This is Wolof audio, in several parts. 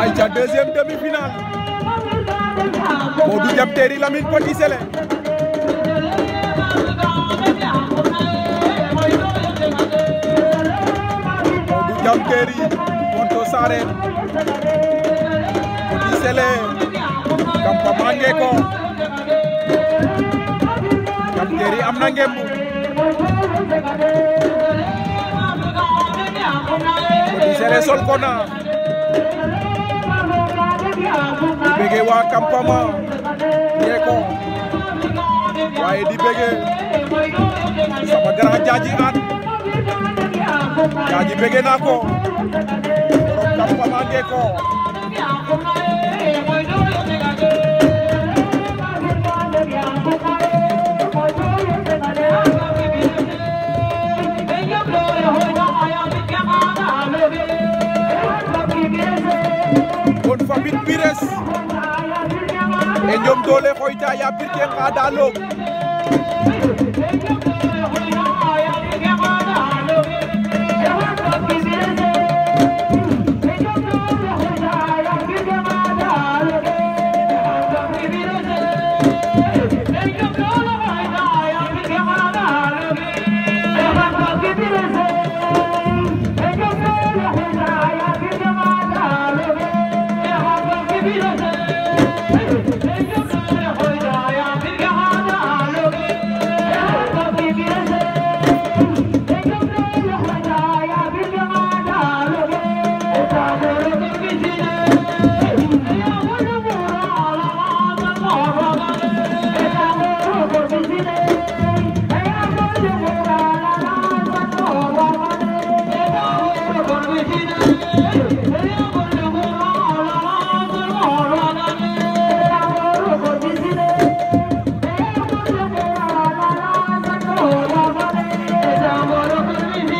ayca deuxième demi-finale Modou Diam Terry Lamine Petit Sélé Modou Diam Terry Monto Sarene Petit Sélé Kampa Mangé ko Diam Terry am na ngemb Sere Sol Kona di bëgge waa Kampama Ñeeko waaye di bëgge sama grand Jaaji Aan Jaaji bëgge naa ko borom Kampama Ñeeko on famille Pires e ñoom doole xoyta ya pir ke ngaada loog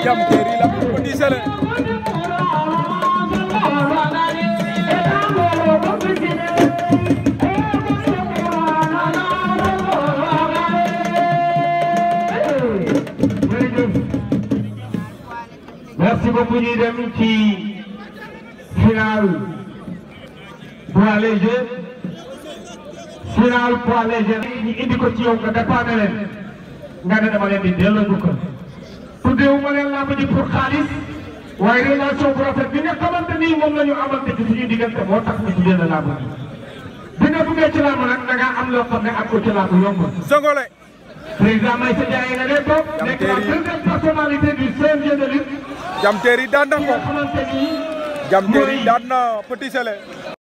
jam teeri la ko di sele merci beaucoup ñuy dem ci final poids léger final poids léger ñu indi ko ci yow nga dépanne leen nga ne dama leen di delloo njukkal tuddeewuma leen làmb ji pour xaalis waaye relation bu rafet bi nga xamante ni moom la ñu di ci suñu diggante moo tax ñu tuddee la làmb ji bi nga duggee ci làmb nag da ngaa am loo xam ne ak ko ci làmb yomb. Songole. président Maïssa Ndiaye la leen toog. nekk la deuxième personnalité du CNG de lutte. Diam Terry daan na ko. ki nga xamante ni. Diam Terry daan na Petit Sélé.